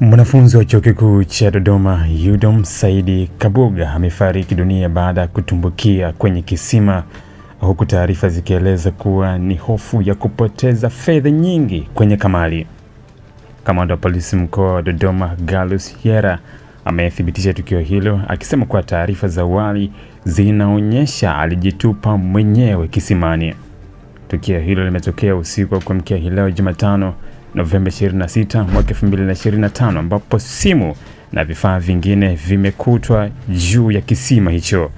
Mwanafunzi wa Chuo Kikuu cha Dodoma UDOM Saidi Kabuga amefariki dunia baada ya kutumbukia kwenye kisima huku taarifa zikieleza kuwa ni hofu ya kupoteza fedha nyingi kwenye kamari. Kamanda wa polisi mkoa wa Dodoma Gallus Hyera amethibitisha tukio hilo akisema kuwa taarifa za awali zinaonyesha alijitupa mwenyewe kisimani. Tukio hilo limetokea usiku wa kuamkia hii leo Jumatano Novemba 26 mwaka 2025 ambapo simu na vifaa vingine vimekutwa juu ya kisima hicho.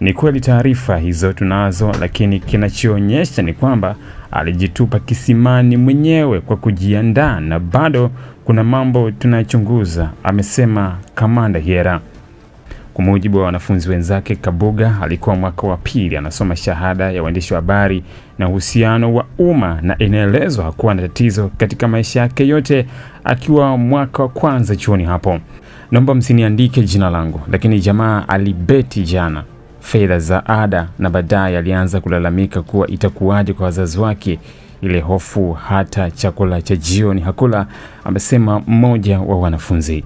Ni kweli taarifa hizo tunazo, lakini kinachoonyesha ni kwamba alijitupa kisimani mwenyewe kwa kujiandaa na bado kuna mambo tunayochunguza, amesema Kamanda Hyera. Kwa mujibu wa wanafunzi wenzake, Kabuga alikuwa mwaka wa pili anasoma shahada ya uandishi wa habari na uhusiano wa umma, na inaelezwa hakuwa na tatizo katika maisha yake yote akiwa mwaka wa kwanza chuoni hapo. Naomba msiniandike jina langu, lakini jamaa alibeti jana fedha za ada na baadaye alianza kulalamika kuwa itakuwaje kwa wazazi wake. Ile hofu hata chakula cha jioni hakula, amesema mmoja wa wanafunzi.